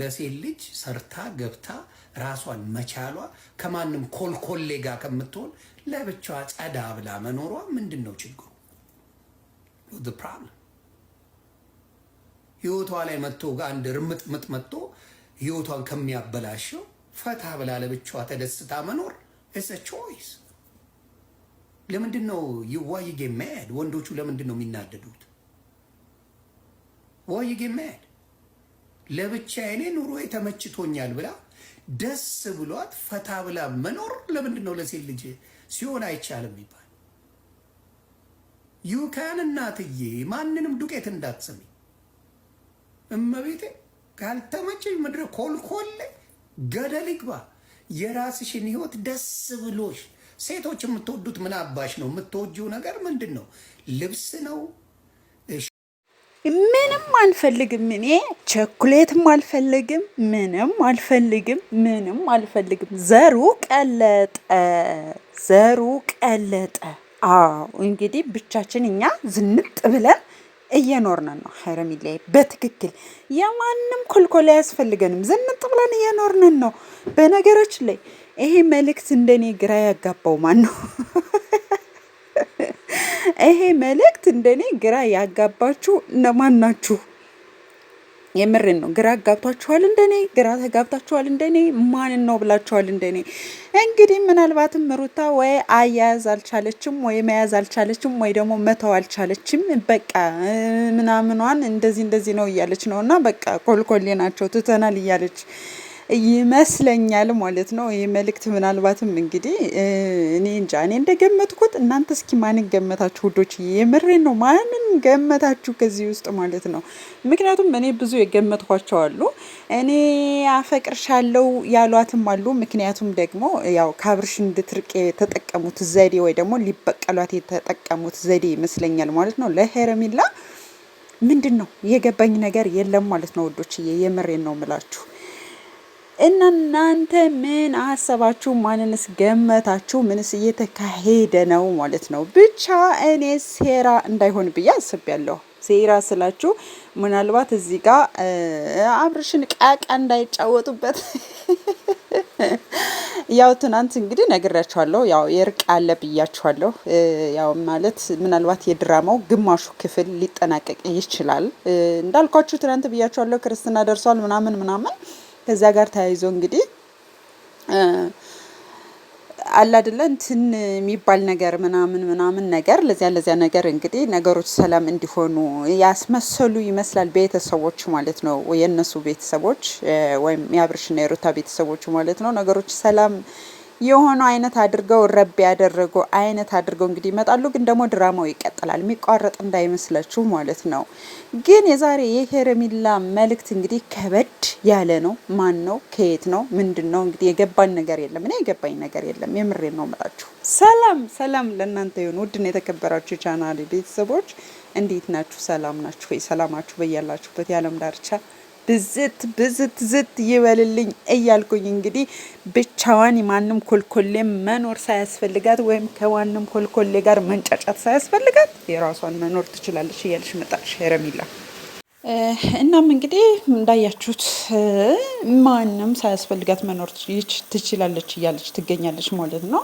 ለሴት ልጅ ሰርታ ገብታ ራሷን መቻሏ ከማንም ኮልኮሌ ጋር ከምትሆን ለብቻዋ ጸዳ ብላ መኖሯ ምንድን ነው ችግሩ? ህይወቷ ላይ መጥቶ አንድ ርምጥምጥ መጥቶ ህይወቷን ከሚያበላሸው ፈታ ብላ ለብቻዋ ተደስታ መኖር እሰ ቾይስ። ለምንድን ነው ዋይጌ መድ ወንዶቹ ለምንድን ነው የሚናደዱት? ዋይጌ መድ ለብቻ እኔ ኑሮ ተመችቶኛል ብላ ደስ ብሏት ፈታ ብላ መኖር ለምንድን ነው ለሴት ልጅ ሲሆን አይቻልም ይባል ዩካን እናትዬ፣ ማንንም ዱቄት እንዳትሰሚ እመቤቴ። ካልተመቸኝ ምድረ ኮልኮል ገደል ይግባ። የራስሽን ህይወት ደስ ብሎሽ ሴቶች የምትወዱት ምን አባሽ ነው? የምትወጂው ነገር ምንድን ነው? ልብስ ነው ምንም አልፈልግም። እኔ ቸኩሌትም አልፈልግም፣ ምንም አልፈልግም፣ ምንም አልፈልግም። ዘሩ ቀለጠ፣ ዘሩ ቀለጠ። አዎ እንግዲህ ብቻችን እኛ ዝንጥ ብለን እየኖርነን ነው። ሀይረሚላ በትክክል የማንም ኮልኮላ አያስፈልገንም። ዝንጥ ብለን እየኖርነን ነው። በነገራችን ላይ ይሄ መልእክት እንደኔ ግራ ያጋባው ማን ነው? ይሄ መልእክት እንደኔ ግራ ያጋባችሁ እነማን ናችሁ? የምርን ነው። ግራ ጋብታችኋል እንደኔ፣ ግራ ተጋብታችኋል እንደኔ፣ ማንን ነው ብላችኋል እንደኔ። እንግዲህ ምናልባትም ሩታ ወይ አያያዝ አልቻለችም፣ ወይ መያዝ አልቻለችም፣ ወይ ደግሞ መተው አልቻለችም። በቃ ምናምኗን እንደዚህ እንደዚህ ነው እያለች ነው እና በቃ ኮልኮሌ ናቸው ትተናል እያለች ይመስለኛል ማለት ነው። ይህ መልእክት ምናልባትም እንግዲህ እኔ እንጃ እኔ እንደገመትኩት እናንተ እስኪ ማንን ገመታችሁ ውዶች? የምሬን ነው። ማንን ገመታችሁ ከዚህ ውስጥ ማለት ነው? ምክንያቱም እኔ ብዙ የገመትኳቸው አሉ። እኔ አፈቅርሻለው ያሏትም አሉ። ምክንያቱም ደግሞ ያው ካብርሽ እንድትርቅ የተጠቀሙት ዘዴ ወይ ደግሞ ሊበቀሏት የተጠቀሙት ዘዴ ይመስለኛል ማለት ነው ለሄረሚላ ምንድን ነው የገባኝ ነገር የለም ማለት ነው ውዶችዬ፣ የምሬን ነው ምላችሁ። እና እናንተ ምን አሰባችሁ? ማንንስ ገመታችሁ? ምንስ እየተካሄደ ነው ማለት ነው? ብቻ እኔ ሴራ እንዳይሆን ብዬ አስቤያለሁ። ሴራ ስላችሁ ምናልባት እዚህ ጋር አብርሽን ቀቀ እንዳይጫወቱበት ያው ትናንት እንግዲህ ነግሬያችኋለሁ። ያው የእርቅ አለ ብያችኋለሁ። ያው ማለት ምናልባት የድራማው ግማሹ ክፍል ሊጠናቀቅ ይችላል እንዳልኳችሁ ትናንት ብያችኋለሁ። ክርስትና ደርሷል ምናምን ምናምን ከዛ ጋር ተያይዞ እንግዲህ አለ አይደለ እንትን የሚባል ነገር ምናምን ምናምን ነገር ለዚያ ለዚያ ነገር እንግዲህ ነገሮች ሰላም እንዲሆኑ ያስመሰሉ ይመስላል ቤተሰቦች ማለት ነው። የእነሱ ቤተሰቦች ወይም የአብርሽና የሩታ ቤተሰቦች ማለት ነው ነገሮች ሰላም የሆነ አይነት አድርገው ረብ ያደረጉ አይነት አድርገው እንግዲህ ይመጣሉ። ግን ደግሞ ድራማው ይቀጥላል የሚቋረጥ እንዳይመስላችሁ ማለት ነው። ግን የዛሬ የሄረሚላ መልእክት እንግዲህ ከበድ ያለ ነው። ማን ነው? ከየት ነው? ምንድን ነው? እንግዲህ የገባኝ ነገር የለም። እኔ የገባኝ ነገር የለም። የምሬ ነው ምላችሁ። ሰላም ሰላም ለእናንተ የሆኑ ውድና የተከበራችሁ የቻናል ቤተሰቦች እንዴት ናችሁ? ሰላም ናችሁ ወይ? ሰላማችሁ በያላችሁበት የዓለም ዳርቻ ብዝት ብዝት ዝት ይበልልኝ እያልኩኝ እንግዲህ ብቻዋን ማንም ኮልኮሌ መኖር ሳያስፈልጋት ወይም ከማንም ኮልኮሌ ጋር መንጫጫት ሳያስፈልጋት የራሷን መኖር ትችላለች እያለች መጣች ሄረሚላ። እናም እንግዲህ እንዳያችሁት ማንም ሳያስፈልጋት መኖር ትችላለች እያለች ትገኛለች ማለት ነው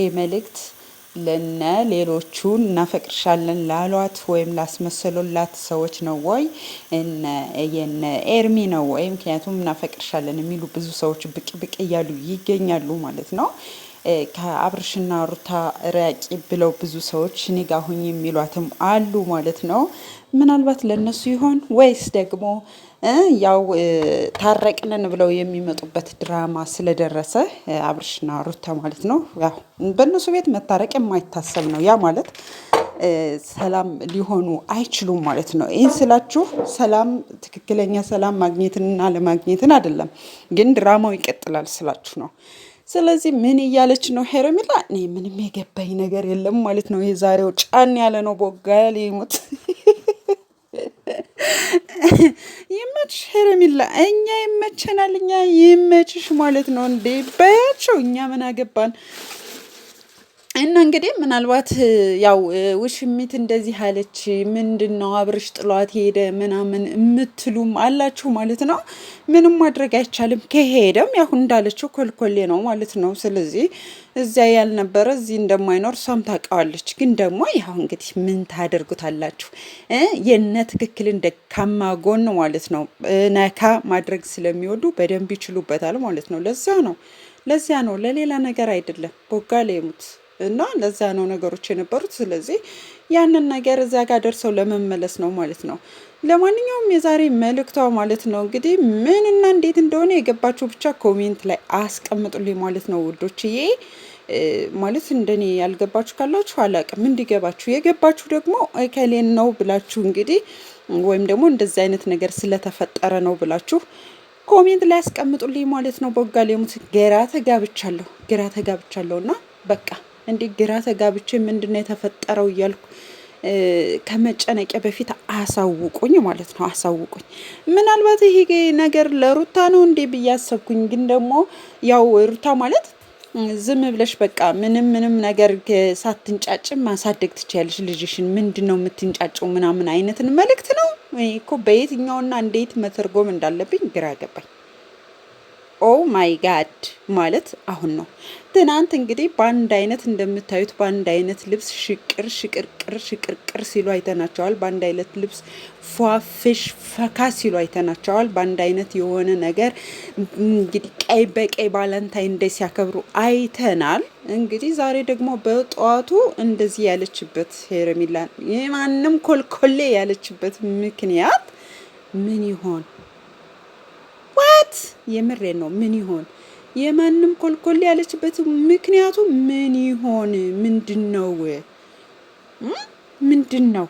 ይህ መልእክት ለነ ሌሎቹ እናፈቅርሻለን ላሏት ወይም ላስመሰሉላት ሰዎች ነው ወይ የነ ኤርሚ ነው ወይ? ምክንያቱም እናፈቅርሻለን የሚሉ ብዙ ሰዎች ብቅ ብቅ እያሉ ይገኛሉ ማለት ነው። ከአብርሽና ሩታ ራቂ ብለው ብዙ ሰዎች እኔ ጋ ሁኝ የሚሏትም አሉ ማለት ነው። ምናልባት ለነሱ ይሆን ወይስ ደግሞ ያው ታረቅንን ብለው የሚመጡበት ድራማ ስለደረሰ አብርሽና ሩታ ማለት ነው። ያው በእነሱ ቤት መታረቅ የማይታሰብ ነው። ያ ማለት ሰላም ሊሆኑ አይችሉም ማለት ነው። ይህን ስላችሁ ሰላም ትክክለኛ ሰላም ማግኘትንና ለማግኘትን አይደለም፣ ግን ድራማው ይቀጥላል ስላችሁ ነው። ስለዚህ ምን እያለች ነው ሄረሚላ? እኔ ምንም የገባኝ ነገር የለም ማለት ነው። የዛሬው ጫን ያለ ነው። ቦጋሌ ይሙት ይመችሽ ሄረሚላ፣ እኛ ይመቸናል፣ እኛ ይመችሽ ማለት ነው። እንዴ በያቸው፣ እኛ ምን አገባን? እና እንግዲህ ምናልባት ያው ውሽሚት እንደዚህ አለች፣ ምንድን ነው አብርሽ ጥሏት ሄደ ምናምን የምትሉም አላችሁ ማለት ነው። ምንም ማድረግ አይቻልም። ከሄደም ያሁን እንዳለችው ኮልኮሌ ነው ማለት ነው። ስለዚህ እዚያ ያልነበረ እዚህ እንደማይኖር እሷም ታውቃዋለች። ግን ደግሞ ያው እንግዲህ ምን ታደርጉታላችሁ? የነ ትክክልን ደካማ ጎን ማለት ነው ነካ ማድረግ ስለሚወዱ በደንብ ይችሉበታል ማለት ነው። ለዛ ነው ለዚያ ነው ለሌላ ነገር አይደለም። ቦጋ ሌሙት እና ለዛ ነው ነገሮች የነበሩት። ስለዚህ ያንን ነገር እዚያ ጋር ደርሰው ለመመለስ ነው ማለት ነው። ለማንኛውም የዛሬ መልእክቷ ማለት ነው እንግዲህ ምንና እንዴት እንደሆነ የገባችሁ ብቻ ኮሜንት ላይ አስቀምጡልኝ ማለት ነው ውዶችዬ። ማለት እንደኔ ያልገባችሁ ካላችሁ አላቅም፣ እንዲገባችሁ የገባችሁ ደግሞ እከሌን ነው ብላችሁ እንግዲህ ወይም ደግሞ እንደዚህ አይነት ነገር ስለተፈጠረ ነው ብላችሁ ኮሜንት ላይ አስቀምጡልኝ ማለት ነው። በጋ ሌሙት ግራ ተጋብቻለሁ፣ ግራ ተጋብቻለሁ እና በቃ እንዲ ግራ ተጋብቼ ምንድን ነው የተፈጠረው እያልኩ ከመጨነቂያ በፊት አሳውቁኝ ማለት ነው። አሳውቁኝ። ምናልባት ይሄ ነገር ለሩታ ነው እንዴ ብዬ አሰብኩኝ። ግን ደግሞ ያው ሩታ ማለት ዝም ብለሽ በቃ ምንም ምንም ነገር ሳትንጫጭ ማሳደግ ትችያለሽ ልጅሽን። ምንድን ነው የምትንጫጭው ምናምን አይነትን መልእክት ነው እኮ። በየትኛውና እንዴት መተርጎም እንዳለብኝ ግራ ገባኝ። ኦ ማይ ጋድ ማለት አሁን ነው። ትናንት እንግዲህ በአንድ አይነት እንደምታዩት በአንድ አይነት ልብስ ሽቅር ሽቅርቅር ሽቅርቅር ሲሉ አይተናቸዋል። በአንድ አይነት ልብስ ፏፍሽ ፈካ ሲሉ አይተናቸዋል። በአንድ አይነት የሆነ ነገር እንግዲህ ቀይ በቀይ ባለንታይን እንደ ሲያከብሩ አይተናል። እንግዲህ ዛሬ ደግሞ በጠዋቱ እንደዚህ ያለችበት ሄረሚላን የማንም ኮልኮሌ ያለችበት ምክንያት ምን ይሆን? እውነት የምሬን ነው። ምን ይሆን የማንም ኮልኮሌ ያለችበት ምክንያቱ ምን ይሆን? ምንድን ነው ምንድን ነው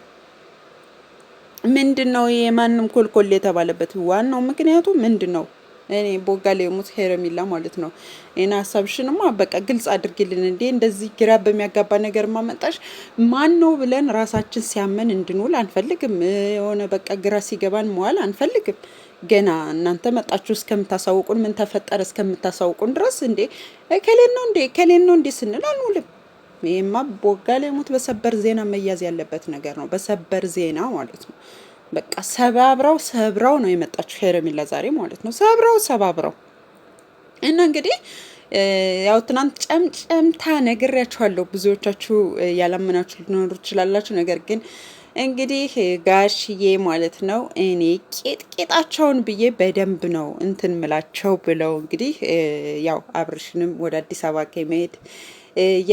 ምንድን ነው የማንም ኮልኮሌ የተባለበት ዋናው ምክንያቱ ምንድን ነው? እኔ ቦጋሌ ሙት ሄረሚላ ማለት ነው። ይህን ሀሳብሽንማ በቃ ግልጽ አድርግልን እንዴ! እንደዚህ ግራ በሚያጋባ ነገር ማመጣሽ ማን ነው ብለን ራሳችን ሲያመን እንድንውል አንፈልግም። የሆነ በቃ ግራ ሲገባን መዋል አንፈልግም። ገና እናንተ መጣችሁ እስከምታሳውቁን ምን ተፈጠረ እስከምታሳውቁን ድረስ እንዴ ከሌን ነው እንዴ ከሌን ነው እንዴ ስንል አንውልም። ይህማ ቦጋሌ ሙት በሰበር ዜና መያዝ ያለበት ነገር ነው። በሰበር ዜና ማለት ነው። በቃ ሰባብረው ሰብረው ነው የመጣችው ሄረሚላ ዛሬ ማለት ነው። ሰብረው ሰባብረው እና እንግዲህ ያው ትናንት ጨምጨምታ ነግሬያችኋለሁ። ብዙዎቻችሁ ያላመናችሁ ልትኖሩ ትችላላችሁ። ነገር ግን እንግዲህ ጋሽዬ ማለት ነው እኔ ቄጥቄጣቸውን ብዬ በደንብ ነው እንትን ምላቸው ብለው እንግዲህ ያው አብርሽንም ወደ አዲስ አበባ ከመሄድ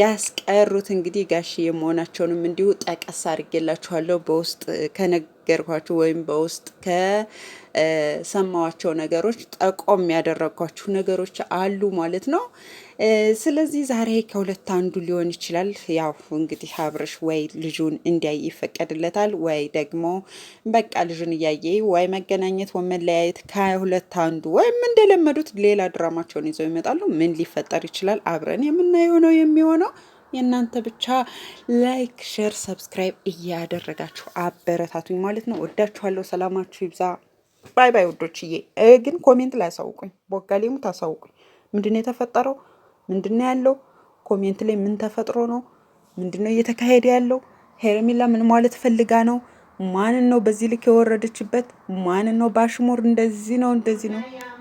ያስቀሩት እንግዲህ ጋሽዬ መሆናቸውንም እንዲሁ ጠቀስ አድርጌላችኋለሁ በውስጥ ከነግ ነገርኳችሁ ወይም በውስጥ ከሰማዋቸው ነገሮች ጠቆም ያደረግኳችሁ ነገሮች አሉ ማለት ነው። ስለዚህ ዛሬ ከሁለት አንዱ ሊሆን ይችላል። ያው እንግዲህ አብርሽ ወይ ልጁን እንዲያይ ይፈቀድለታል፣ ወይ ደግሞ በቃ ልጁን እያየ ወይ መገናኘት ወይ መለያየት፣ ከሁለት አንዱ ወይም እንደለመዱት ሌላ ድራማቸውን ይዘው ይመጣሉ። ምን ሊፈጠር ይችላል? አብረን የምናየው ነው የሚሆነው። የእናንተ ብቻ ላይክ፣ ሼር፣ ሰብስክራይብ እያደረጋችሁ አበረታቱኝ ማለት ነው። ወዳችኋለሁ። ሰላማችሁ ይብዛ። ባይ ባይ ወዶችዬ። ግን ኮሜንት ላይ አሳውቁኝ፣ ቦጋሌሙ ታሳውቁኝ። ምንድነው የተፈጠረው? ምንድነው ያለው? ኮሜንት ላይ ምን ተፈጥሮ ነው? ምንድነው እየተካሄደ ያለው? ሄርሜላ ምን ማለት ፈልጋ ነው? ማንን ነው በዚህ ልክ የወረደችበት? ማንን ነው ባሽሙር እንደዚህ ነው እንደዚህ ነው